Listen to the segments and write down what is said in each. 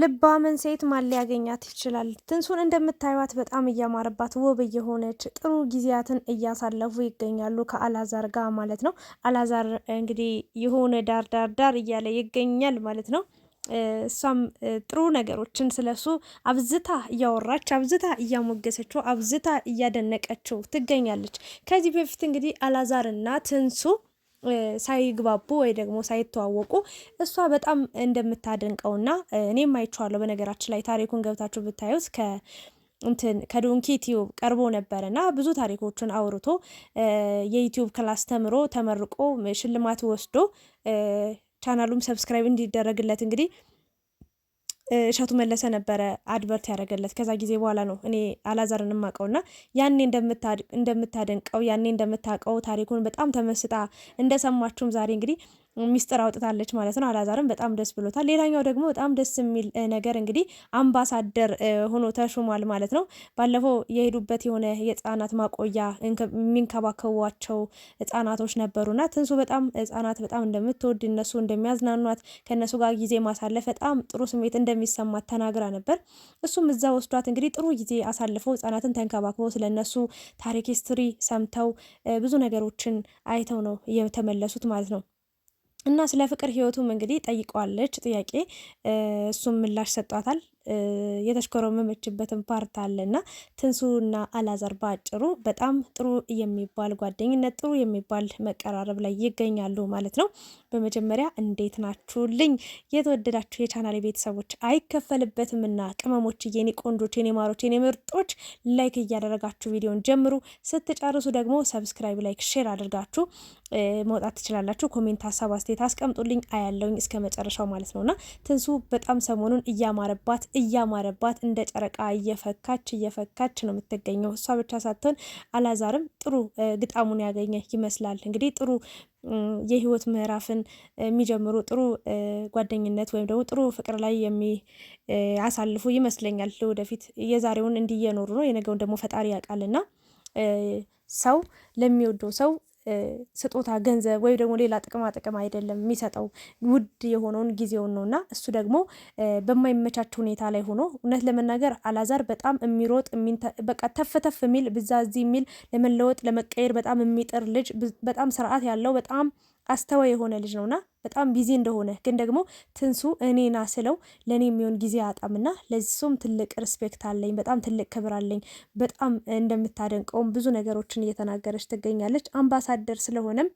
ልባምን ሴት ማን ሊያገኛት ይችላል? ትንሱን እንደምታዩት በጣም እያማረባት ውብ እየሆነች ጥሩ ጊዜያትን እያሳለፉ ይገኛሉ ከአላዛር ጋር ማለት ነው። አላዛር እንግዲህ የሆነ ዳር ዳር ዳር እያለ ይገኛል ማለት ነው። እሷም ጥሩ ነገሮችን ስለሱ አብዝታ እያወራች አብዝታ እያሞገሰችው አብዝታ እያደነቀችው ትገኛለች። ከዚህ በፊት እንግዲህ አላዛርና ትንሱ ሳይግባቡ ወይ ደግሞ ሳይተዋወቁ እሷ በጣም እንደምታደንቀውና እኔም አይቼዋለሁ። በነገራችን ላይ ታሪኩን ገብታችሁ ብታዩት ከ እንትን ከዶንኪ ቲዩብ ቀርቦ ነበር እና ብዙ ታሪኮችን አውርቶ የዩቲዩብ ክላስ ተምሮ ተመርቆ ሽልማት ወስዶ ቻናሉም ሰብስክራይብ እንዲደረግለት እንግዲህ እሸቱ መለሰ ነበረ አድቨርት ያደረገለት። ከዛ ጊዜ በኋላ ነው እኔ አላዛርን ማቀውና ያኔ እንደምታደንቀው ያኔ እንደምታውቀው ታሪኩን በጣም ተመስጣ እንደሰማችሁም ዛሬ እንግዲህ ሚስጥር አውጥታለች ማለት ነው። አላዛርም በጣም ደስ ብሎታል። ሌላኛው ደግሞ በጣም ደስ የሚል ነገር እንግዲህ አምባሳደር ሆኖ ተሹሟል ማለት ነው። ባለፈው የሄዱበት የሆነ የህጻናት ማቆያ የሚንከባከቧቸው ህጻናቶች ነበሩና ትንሱ በጣም ህጻናት በጣም እንደምትወድ እነሱ እንደሚያዝናኗት ከእነሱ ጋር ጊዜ ማሳለፍ በጣም ጥሩ ስሜት እንደሚሰማት ተናግራ ነበር። እሱም እዛ ወስዷት እንግዲህ ጥሩ ጊዜ አሳልፈው ህጻናትን ተንከባክበው ስለነሱ ታሪክ ሂስትሪ ሰምተው ብዙ ነገሮችን አይተው ነው የተመለሱት ማለት ነው። እና ስለ ፍቅር ህይወቱም እንግዲህ ጠይቀዋለች ጥያቄ፣ እሱም ምላሽ ሰጧታል። የተሽኮረመመችበትን ፓርት አለና ትንሱና አላዛር በአጭሩ በጣም ጥሩ የሚባል ጓደኝነት ጥሩ የሚባል መቀራረብ ላይ ይገኛሉ ማለት ነው። በመጀመሪያ እንዴት ናችሁልኝ የተወደዳችሁ የቻናል ቤተሰቦች? አይከፈልበትም እና ቅመሞች፣ የኔ ቆንጆች፣ የኔ ማሮች፣ የኔ ምርጦች ላይክ እያደረጋችሁ ቪዲዮን ጀምሩ። ስትጨርሱ ደግሞ ሰብስክራይብ፣ ላይክ፣ ሼር አድርጋችሁ መውጣት ትችላላችሁ። ኮሜንት፣ ሀሳብ፣ አስተያየት አስቀምጡልኝ አያለውኝ እስከ መጨረሻው ማለት ነውና ትንሱ በጣም ሰሞኑን እያማረባት እያማረባት እንደ ጨረቃ እየፈካች እየፈካች ነው የምትገኘው። እሷ ብቻ ሳትሆን አላዛርም ጥሩ ግጣሙን ያገኘ ይመስላል። እንግዲህ ጥሩ የህይወት ምዕራፍን የሚጀምሩ ጥሩ ጓደኝነት ወይም ደግሞ ጥሩ ፍቅር ላይ የሚያሳልፉ ይመስለኛል። ወደፊት የዛሬውን እንዲየኖሩ ነው፣ የነገውን ደግሞ ፈጣሪ ያውቃልና ሰው ለሚወደው ሰው ስጦታ ገንዘብ ወይም ደግሞ ሌላ ጥቅማ ጥቅም አይደለም የሚሰጠው ውድ የሆነውን ጊዜውን ነው እና እሱ ደግሞ በማይመቻች ሁኔታ ላይ ሆኖ እውነት ለመናገር አላዛር በጣም የሚሮጥ በቃ ተፍ የሚል ብዛ እዚህ የሚል ለመለወጥ ለመቀየር በጣም የሚጥር ልጅ በጣም ስርዓት ያለው በጣም አስተዋይ የሆነ ልጅ ነውና በጣም ቢዚ እንደሆነ ግን ደግሞ ትንሱ እኔና ስለው ለእኔ የሚሆን ጊዜ አጣምና ለሱም ትልቅ ሪስፔክት አለኝ። በጣም ትልቅ ክብር አለኝ። በጣም እንደምታደንቀውም ብዙ ነገሮችን እየተናገረች ትገኛለች። አምባሳደር ስለሆነም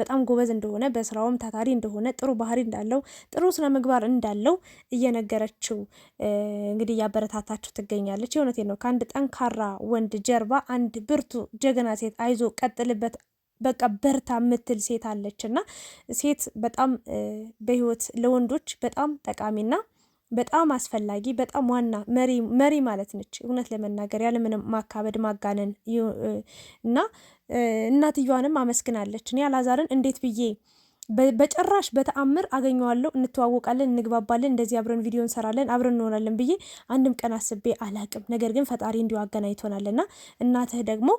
በጣም ጎበዝ እንደሆነ በስራውም ታታሪ እንደሆነ ጥሩ ባህሪ እንዳለው ጥሩ ስነ ምግባር እንዳለው እየነገረችው እንግዲህ እያበረታታችሁ ትገኛለች። የእውነቴ ነው። ከአንድ ጠንካራ ወንድ ጀርባ አንድ ብርቱ ጀግና ሴት አይዞ ቀጥልበት በቃ በርታ የምትል ሴት አለች እና ሴት በጣም በህይወት ለወንዶች በጣም ጠቃሚና በጣም አስፈላጊ በጣም ዋና መሪ ማለት ነች። እውነት ለመናገር ያለምንም ማካበድ ማጋነን እና እናትየዋንም አመስግናለች። እኔ አላዛርን እንዴት ብዬ በጭራሽ በተአምር አገኘዋለሁ፣ እንተዋወቃለን፣ እንግባባለን፣ እንደዚህ አብረን ቪዲዮ እንሰራለን፣ አብረን እንሆናለን ብዬ አንድም ቀን አስቤ አላቅም። ነገር ግን ፈጣሪ እንዲሁ አገናኝቶናል እናትህ ደግሞ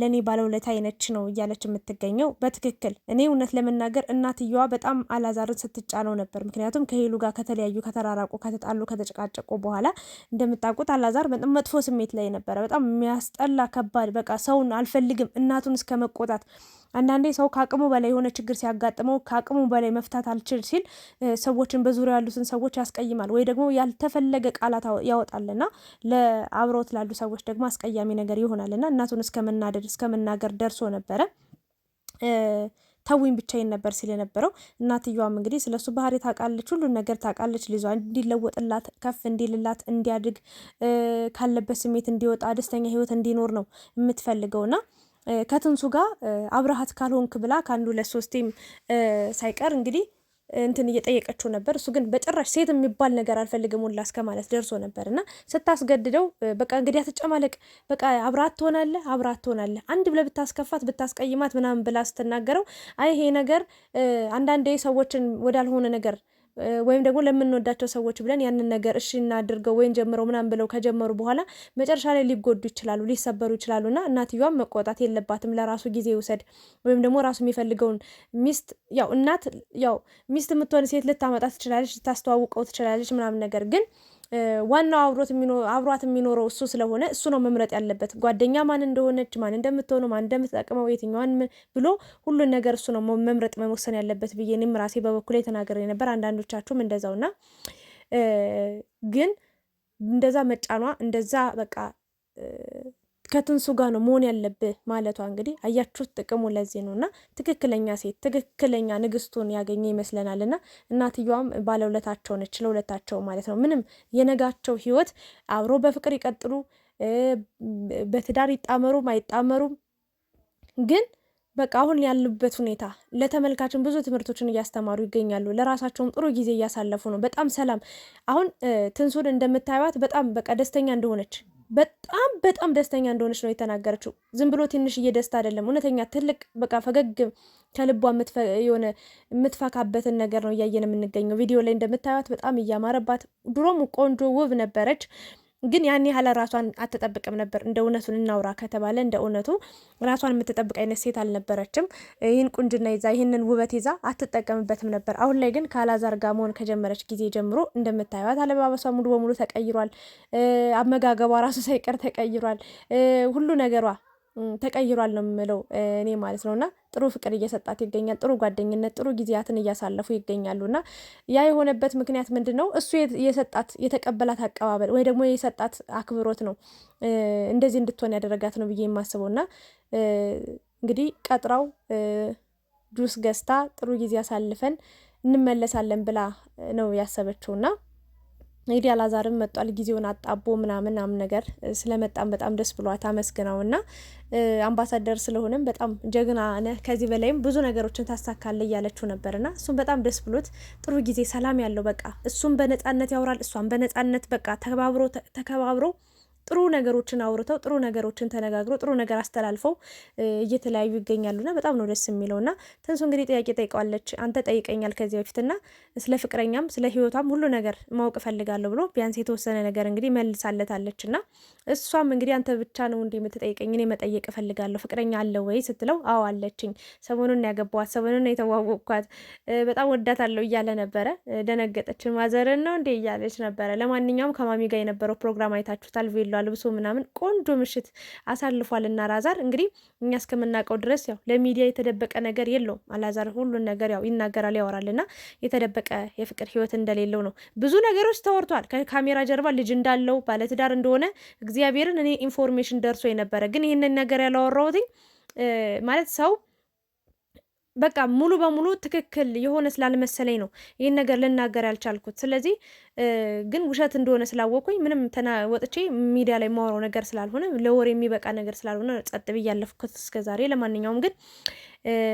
ለእኔ ባለውለታ አይነች ነው እያለች የምትገኘው በትክክል እኔ እውነት ለመናገር እናትየዋ በጣም አላዛርን ስትጫነው ነበር። ምክንያቱም ከሄሉ ጋር ከተለያዩ፣ ከተራራቁ፣ ከተጣሉ፣ ከተጨቃጨቁ በኋላ እንደምታውቁት አላዛር በጣም መጥፎ ስሜት ላይ ነበረ። በጣም የሚያስጠላ ከባድ፣ በቃ ሰውን አልፈልግም እናቱን እስከ መቆጣት አንዳንዴ ሰው ከአቅሙ በላይ የሆነ ችግር ሲያጋጥመው ከአቅሙ በላይ መፍታት አልችል ሲል ሰዎችን በዙሪያ ያሉትን ሰዎች ያስቀይማል ወይ ደግሞ ያልተፈለገ ቃላት ያወጣልና ለአብሮት ላሉ ሰዎች ደግሞ አስቀያሚ ነገር ይሆናልና እናቱን እስከመናደድ እስከመናገር ደርሶ ነበረ። ተዊኝ ብቻዬን ነበር ሲል የነበረው። እናትየዋም እንግዲህ ስለ እሱ ባህሪ ታውቃለች፣ ሁሉን ነገር ታውቃለች። ልጇ እንዲለወጥላት፣ ከፍ እንዲልላት፣ እንዲያድግ፣ ካለበት ስሜት እንዲወጣ፣ ደስተኛ ህይወት እንዲኖር ነው የምትፈልገውና ከትንሱ ጋር አብረሃት ካልሆንክ ብላ ከአንዱ ለሶስቴም ሳይቀር እንግዲህ እንትን እየጠየቀችው ነበር። እሱ ግን በጭራሽ ሴት የሚባል ነገር አልፈልግም ሁላ እስከ ማለት ደርሶ ነበር እና ስታስገድደው በቃ እንግዲህ አትጨማለቅ፣ በቃ አብራት ትሆናለ፣ አብራት ትሆናለ፣ አንድ ብለ ብታስከፋት ብታስቀይማት ምናምን ብላ ስትናገረው አይ ይሄ ነገር አንዳንዴ ሰዎችን ወዳልሆነ ነገር ወይም ደግሞ ለምንወዳቸው ሰዎች ብለን ያንን ነገር እሺ እናድርገው ወይም ጀምረው ምናምን ብለው ከጀመሩ በኋላ መጨረሻ ላይ ሊጎዱ ይችላሉ፣ ሊሰበሩ ይችላሉ። እና እናትየዋም መቆጣት የለባትም። ለራሱ ጊዜ ይውሰድ፣ ወይም ደግሞ ራሱ የሚፈልገውን ሚስት ያው እናት ያው ሚስት የምትሆን ሴት ልታመጣ ትችላለች፣ ልታስተዋውቀው ትችላለች ምናምን ነገር ግን ዋናው አብሯት የሚኖረው እሱ ስለሆነ እሱ ነው መምረጥ ያለበት። ጓደኛ ማን እንደሆነች፣ ማን እንደምትሆነው፣ ማን እንደምትጠቅመው፣ የትኛዋን ብሎ ሁሉን ነገር እሱ ነው መምረጥ መወሰን ያለበት ብዬ እኔም ራሴ በበኩል ተናግሬ ነበር። አንዳንዶቻችሁም እንደዛውና ግን እንደዛ መጫኗ እንደዛ በቃ ከትንሱ ጋር ነው መሆን ያለብህ ማለቷ እንግዲህ አያችሁት፣ ጥቅሙ ለዚህ ነው እና ትክክለኛ ሴት ትክክለኛ ንግስቱን ያገኘ ይመስለናል። እና እናትየዋም ባለውለታቸው ነች፣ ለውለታቸው ማለት ነው። ምንም የነጋቸው ህይወት አብሮ በፍቅር ይቀጥሉ፣ በትዳር ይጣመሩም አይጣመሩም ግን በቃ አሁን ያሉበት ሁኔታ ለተመልካችን ብዙ ትምህርቶችን እያስተማሩ ይገኛሉ። ለራሳቸውም ጥሩ ጊዜ እያሳለፉ ነው። በጣም ሰላም አሁን ትንሱን እንደምታይባት በጣም በቃ ደስተኛ እንደሆነች በጣም በጣም ደስተኛ እንደሆነች ነው የተናገረችው። ዝም ብሎ ትንሽዬ ደስታ አይደለም፣ እውነተኛ ትልቅ በቃ ፈገግ ከልቧ የሆነ የምትፈካበትን ነገር ነው እያየን የምንገኘው። ቪዲዮ ላይ እንደምታዩት በጣም እያማረባት ድሮም ቆንጆ ውብ ነበረች። ግን ያን ያህል ራሷን አትጠብቅም ነበር። እንደ እውነቱን እናውራ ከተባለ እንደ እውነቱ ራሷን የምትጠብቅ አይነት ሴት አልነበረችም። ይህን ቁንጅና ይዛ ይህንን ውበት ይዛ አትጠቀምበትም ነበር። አሁን ላይ ግን ከአላዛር ጋር መሆን ከጀመረች ጊዜ ጀምሮ እንደምታዩት አለባበሷ ሙሉ በሙሉ ተቀይሯል። አመጋገቧ ራሱ ሳይቀር ተቀይሯል። ሁሉ ነገሯ ተቀይሯል ነው የምለው እኔ ማለት ነው። እና ጥሩ ፍቅር እየሰጣት ይገኛል። ጥሩ ጓደኝነት፣ ጥሩ ጊዜያትን እያሳለፉ ይገኛሉ። እና ያ የሆነበት ምክንያት ምንድን ነው? እሱ የሰጣት የተቀበላት አቀባበል ወይ ደግሞ የሰጣት አክብሮት ነው እንደዚህ እንድትሆን ያደረጋት ነው ብዬ የማስበው እና እንግዲህ ቀጥራው ጁስ ገዝታ ጥሩ ጊዜ አሳልፈን እንመለሳለን ብላ ነው ያሰበችው እና እንግዲህ አላዛርም መጧል ጊዜውን አጣቦ ምናምን ምናምን ነገር ስለመጣም በጣም ደስ ብሏት አመስግናው እና አምባሳደር ስለሆነም በጣም ጀግና ነህ፣ ከዚህ በላይም ብዙ ነገሮችን ታሳካለ እያለችው ነበር እና እሱም በጣም ደስ ብሎት ጥሩ ጊዜ ሰላም ያለው በቃ እሱም በነጻነት ያወራል፣ እሷም በነጻነት በቃ ተከባብሮ ተከባብሮ ጥሩ ነገሮችን አውርተው ጥሩ ነገሮችን ተነጋግረው ጥሩ ነገር አስተላልፈው እየተለያዩ ይገኛሉና በጣም ነው ደስ የሚለውና ትንሱ እንግዲህ ጥያቄ ጠይቀዋለች። አንተ ጠይቀኛል ከዚህ በፊትና ስለ ፍቅረኛም ስለ ህይወቷም ሁሉ ነገር ማወቅ እፈልጋለሁ ብሎ ቢያንስ የተወሰነ ነገር እንግዲህ መልሳለታለች። እና እሷም እንግዲህ አንተ ብቻ ነው እንዲህ የምትጠይቀኝ እኔ መጠየቅ እፈልጋለሁ ፍቅረኛ አለ ወይ ስትለው አዎ አለችኝ፣ ሰሞኑን ያገባዋት፣ ሰሞኑን የተዋወቅኳት፣ በጣም ወዳታለሁ እያለ ነበረ። ደነገጠችን። ማዘርን ነው እንዴ እያለች ነበረ። ለማንኛውም ከማሚ ጋር የነበረው ፕሮግራም አይታችሁታል ቪሎ አልብሶ ምናምን ቆንጆ ምሽት አሳልፏል። እና አላዛር እንግዲህ እኛ እስከምናውቀው ድረስ ያው ለሚዲያ የተደበቀ ነገር የለውም። አላዛር ሁሉን ነገር ያው ይናገራል፣ ያወራል እና የተደበቀ የፍቅር ህይወት እንደሌለው ነው። ብዙ ነገሮች ተወርቷል። ከካሜራ ጀርባ ልጅ እንዳለው ባለትዳር እንደሆነ እግዚአብሔርን እኔ ኢንፎርሜሽን ደርሶ የነበረ ግን ይህንን ነገር ያላወራሁትኝ ማለት ሰው በቃ ሙሉ በሙሉ ትክክል የሆነ ስላልመሰለኝ ነው ይህን ነገር ልናገር ያልቻልኩት። ስለዚህ ግን ውሸት እንደሆነ ስላወቅኩኝ ምንም ወጥቼ ሚዲያ ላይ የማወራው ነገር ስላልሆነ ለወሬ የሚበቃ ነገር ስላልሆነ ጸጥ ብዬ ያለፍኩት ዛሬ። ለማንኛውም ግን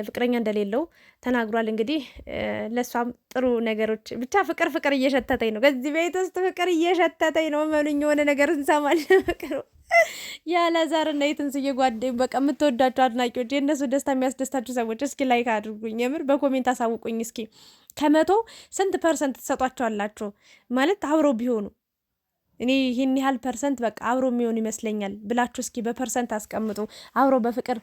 ፍቅረኛ እንደሌለው ተናግሯል። እንግዲህ ለእሷም ጥሩ ነገሮች ብቻ ፍቅር ፍቅር እየሸተተኝ ነው። ከዚህ ቤት ውስጥ ፍቅር እየሸተተኝ ነው። መኑኝ የሆነ ነገር እንሰማለን ፍቅሩ የአላዛር እና የትንስዬ ጓደኝ በቃ የምትወዳቸው አድናቂዎች የእነሱ ደስታ የሚያስደስታቸው ሰዎች እስኪ ላይክ አድርጉኝ። የምር በኮሜንት አሳውቁኝ። እስኪ ከመቶ ስንት ፐርሰንት ትሰጧቸዋላችሁ? ማለት አብሮ ቢሆኑ እኔ ይህን ያህል ፐርሰንት በቃ አብሮ የሚሆን ይመስለኛል ብላችሁ እስኪ በፐርሰንት አስቀምጡ። አብሮ በፍቅር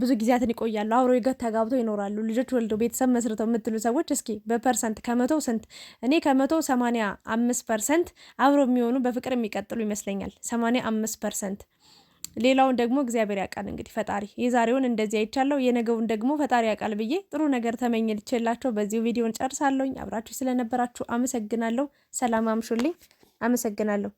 ብዙ ጊዜያትን ይቆያሉ፣ አብሮ ይገት ተጋብተው ይኖራሉ፣ ልጆች ወልደው ቤተሰብ መስርተው የምትሉ ሰዎች እስኪ በፐርሰንት ከመቶ ስንት? እኔ ከመቶ ሰማንያ አምስት ፐርሰንት አብሮ የሚሆኑ በፍቅር የሚቀጥሉ ይመስለኛል። ሰማንያ አምስት ፐርሰንት። ሌላውን ደግሞ እግዚአብሔር ያውቃል። እንግዲህ ፈጣሪ የዛሬውን እንደዚህ አይቻለሁ፣ የነገውን ደግሞ ፈጣሪ ያውቃል ብዬ ጥሩ ነገር ተመኝልቼላቸው በዚሁ ቪዲዮን ጨርሳለሁኝ። አብራችሁ ስለነበራችሁ አመሰግናለሁ። ሰላም አምሹልኝ። አመሰግናለሁ።